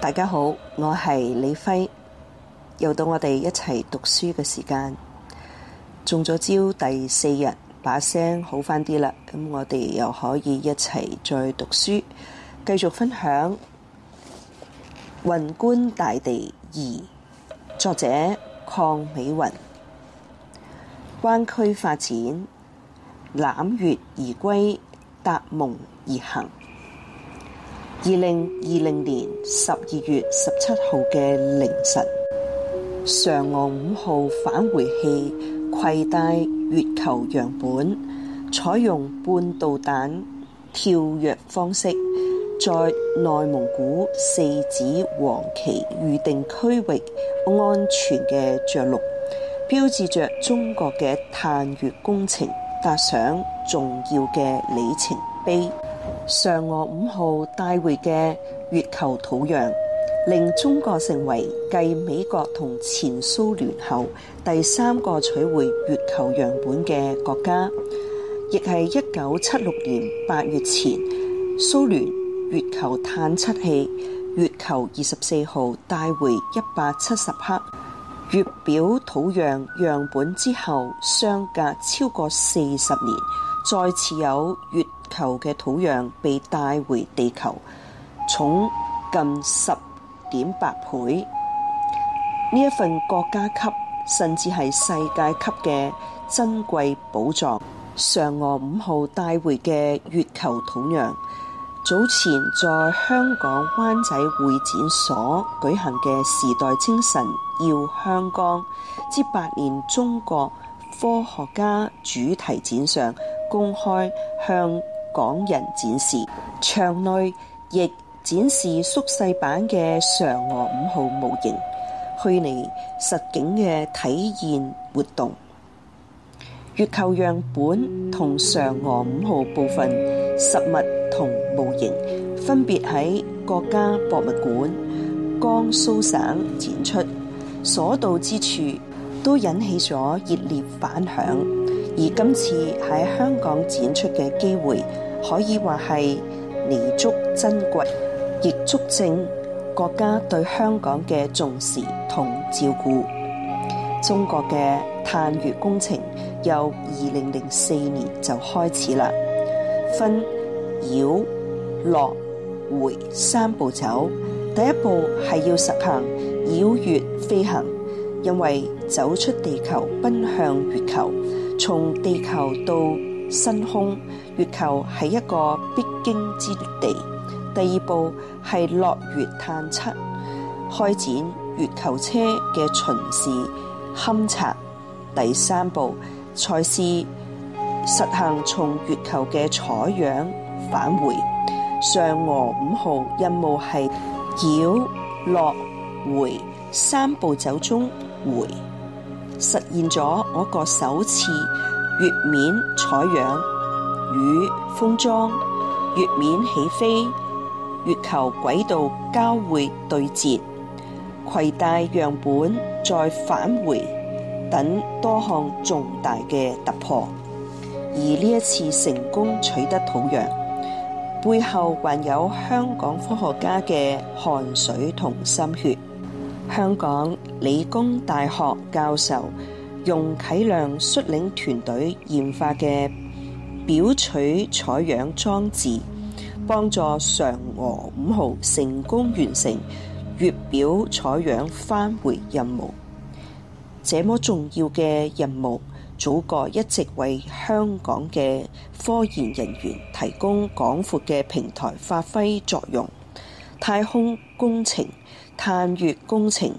大家好，我係李輝，又到我哋一齊讀書嘅時間。中咗招第四日，把聲好翻啲啦，咁我哋又可以一齊再讀書，繼續分享《雲觀大地二》，作者鄺美雲，灣區發展，攬月而歸，踏夢而行。二零二零年十二月十七號嘅凌晨，嫦娥五號返回器携帶月球樣本，採用半導彈跳躍方式，在內蒙古四子王旗預定區域安全嘅着陸，標誌着中國嘅探月工程踏上重要嘅里程碑。嫦娥五號帶回嘅月球土壤，令中國成為繼美國同前蘇聯後第三個取回月球樣本嘅國家，亦係一九七六年八月前蘇聯月球探測器月球二十四號帶回一百七十克月表土壤樣本之後，相隔超過四十年，再次有月。球嘅土壤被帶回地球，重近十點八倍。呢一份國家級甚至係世界級嘅珍貴寶藏。嫦娥五號帶回嘅月球土壤，早前在香港灣仔會展所舉行嘅《時代精神耀香江》之百年中國科學家主題展上公開向。港人展示場內亦展示縮細版嘅嫦娥五號模型，去嚟實景嘅體驗活動。月球樣本同嫦娥五號部分實物同模型，分別喺國家博物館、江蘇省展出，所到之處都引起咗熱烈反響。而今次喺香港展出嘅機會，可以話係彌足珍貴，亦足證國家對香港嘅重視同照顧。中國嘅探月工程由二零零四年就開始啦，分繞、落、回三步走。第一步係要實行繞月飛行，因為走出地球，奔向月球，從地球到升空，月球係一個必經之地。第二步係落月探測，開展月球車嘅巡視勘察。第三步才是實行從月球嘅採樣返回。嫦娥五號任務係繞、落、回三步走中回，實現咗我國首次。月面採樣與封裝、月面起飛、月球軌道交匯對接、攜帶樣本再返回等多項重大嘅突破，而呢一次成功取得土壤，背後還有香港科學家嘅汗水同心血。香港理工大學教授。用啟亮率領團隊研發嘅表取採樣裝置，幫助嫦娥五號成功完成月表採樣返回任務。這麼重要嘅任務，祖國一直為香港嘅科研人員提供廣闊嘅平台，發揮作用。太空工程、探月工程，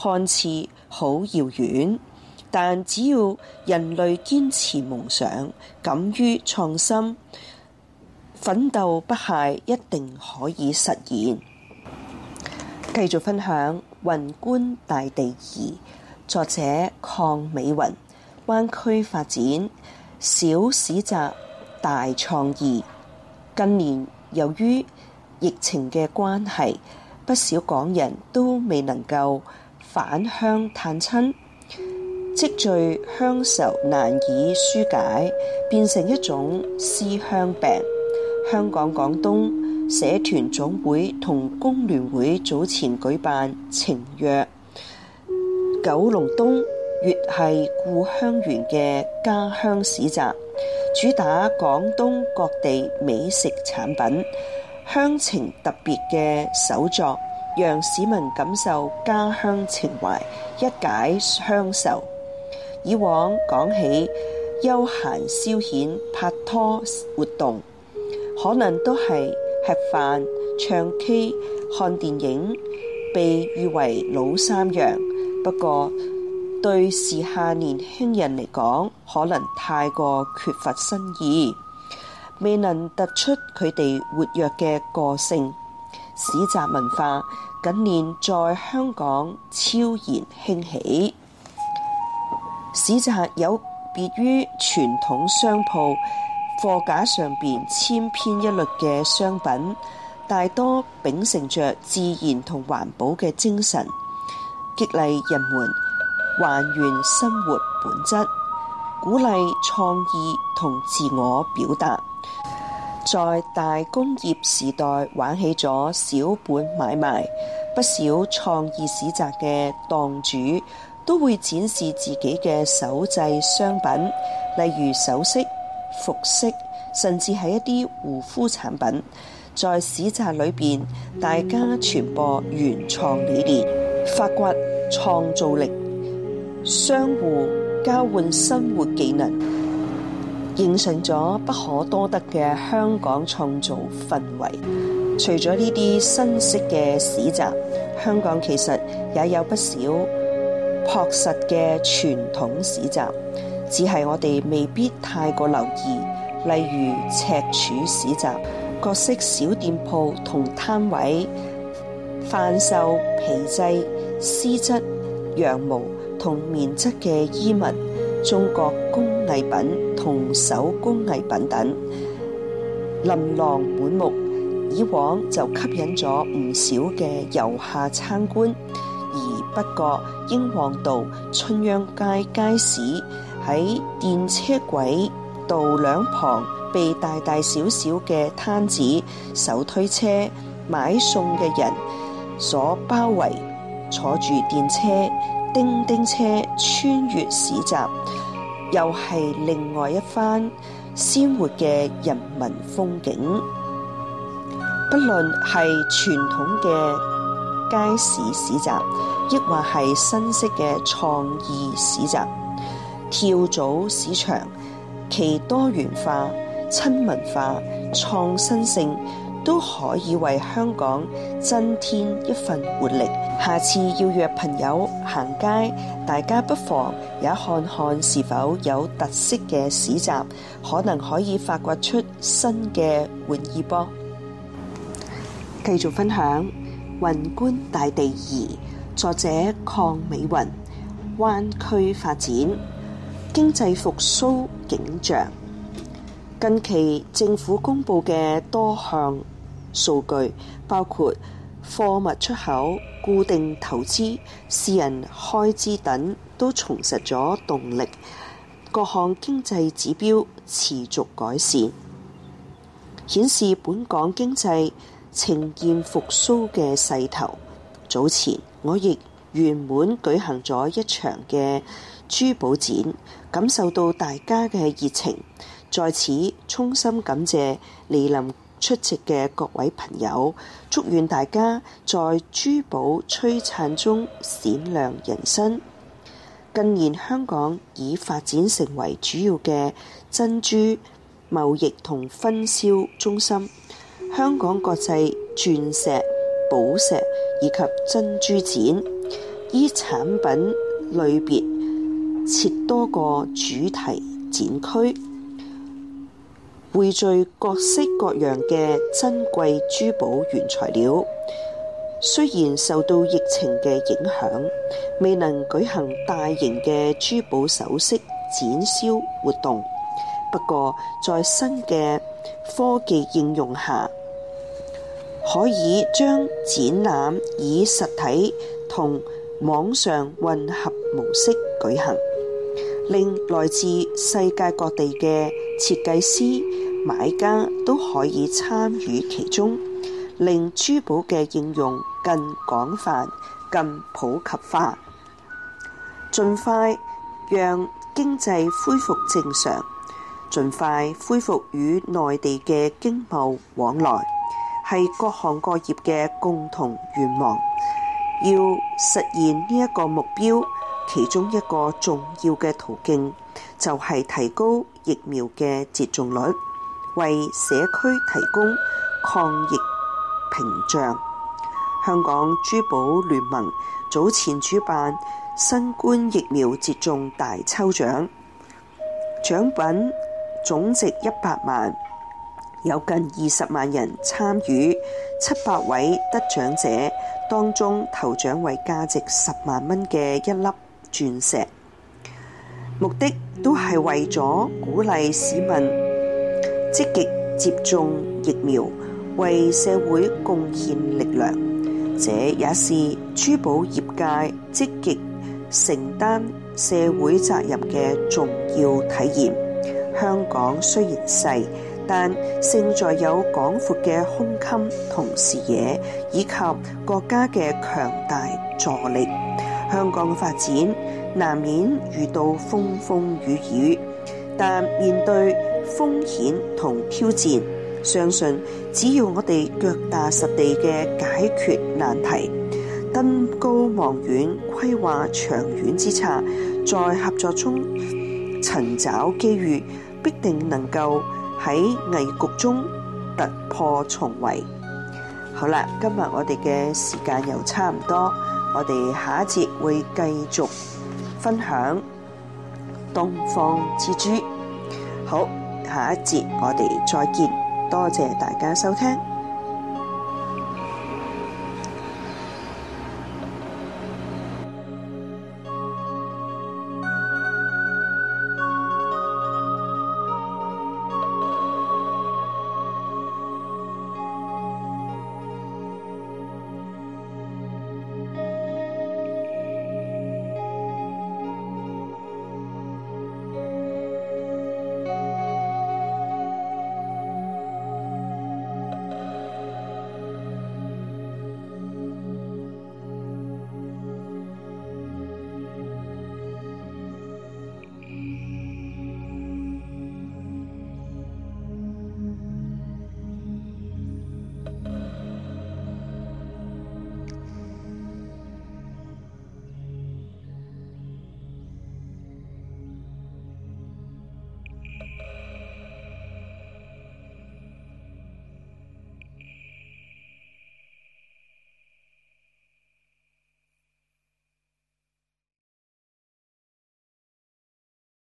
看似好遙遠。但只要人類堅持夢想、敢於創新、奮鬥不懈，一定可以實現。繼續分享《雲觀大地二》，作者：鄺美雲。灣區發展小市集大創意。近年由於疫情嘅關係，不少港人都未能夠返鄉探親。積聚鄉愁難以紓解，變成一種思鄉病。香港廣東社團總會同工聯會早前舉辦情約九龍東粵係故鄉園嘅家鄉市集，主打廣東各地美食產品、鄉情特別嘅手作，讓市民感受家鄉情懷，一解鄉愁。以往講起休閒消遣拍拖活動，可能都係吃飯、唱 K、看電影，被譽為老三樣。不過對時下年輕人嚟講，可能太過缺乏新意，未能突出佢哋活躍嘅個性。市集文化近年在香港悄然興起。市集有別於傳統商鋪貨架上邊千篇一律嘅商品，大多秉承着自然同環保嘅精神，激勵人們還原生活本質，鼓勵創意同自我表達。在大工業時代玩起咗小本買賣，不少創意市集嘅檔主。都會展示自己嘅手製商品，例如首飾、服飾，甚至係一啲護膚產品，在市集裏面，大家傳播原創理念、發掘創造力，相互交換生活技能，形成咗不可多得嘅香港創造氛圍。除咗呢啲新式嘅市集，香港其實也有不少。樸實嘅傳統市集，只係我哋未必太過留意，例如赤柱市集各式小店鋪同攤位，販售皮製、絲質、羊毛同棉質嘅衣物、中國工藝品同手工藝品等，琳琅滿目，以往就吸引咗唔少嘅遊客參觀。不過，英皇道、春秧街街市喺電車軌道兩旁，被大大小小嘅攤子、手推車、買餸嘅人所包圍，坐住電車、叮叮車穿越市集，又係另外一番鮮活嘅人文風景。不論係傳統嘅。街市市集，抑或係新式嘅創意市集，跳蚤市場，其多元化、親文化、創新性，都可以為香港增添一份活力。下次要約朋友行街，大家不妨也看看是否有特色嘅市集，可能可以發掘出新嘅玩意噃。繼續分享。雲觀大地兒，作者鄺美雲。灣區發展經濟復甦景象，近期政府公布嘅多項數據，包括貨物出口、固定投資、私人開支等，都重拾咗動力。各項經濟指標持續改善，顯示本港經濟。呈現復甦嘅勢頭。早前我亦圓滿舉行咗一場嘅珠寶展，感受到大家嘅熱情。在此衷心感謝蒞臨出席嘅各位朋友，祝願大家在珠寶璀璨中閃亮人生。近年香港已發展成為主要嘅珍珠貿易同分銷中心。香港國際鑽石、寶石以及珍珠展，依產品類別設多個主題展區，匯聚各式各樣嘅珍貴珠寶原材料。雖然受到疫情嘅影響，未能舉行大型嘅珠寶首飾展銷活動，不過在新嘅科技應用下，可以將展覽以實體同網上混合模式舉行，令來自世界各地嘅設計師、買家都可以參與其中，令珠寶嘅應用更廣泛、更普及化，盡快讓經濟恢復正常，盡快恢復與內地嘅經貿往來，係各行各業嘅共同願望，要實現呢一個目標，其中一個重要嘅途徑就係提高疫苗嘅接種率，為社區提供抗疫屏障。香港珠寶聯盟早前主辦新冠疫苗接種大抽獎，獎品總值一百萬。有近二十萬人參與，七百位得獎者當中，頭獎為價值十萬蚊嘅一粒鑽石。目的都係為咗鼓勵市民積極極接種疫苗，為社會貢獻力量。這也是珠寶業界積極承擔社會責任嘅重要體現。香港雖然細。但勝在有廣闊嘅胸襟同視野，以及國家嘅強大助力。香港嘅發展難免遇到風風雨雨，但面對風險同挑戰，相信只要我哋腳踏實地嘅解決難題，登高望遠規劃長遠之策，在合作中尋找機遇，必定能夠。喺危局中突破重圍。好啦，今日我哋嘅時間又差唔多，我哋下一節會繼續分享東方之珠。好，下一節我哋再見，多謝大家收聽。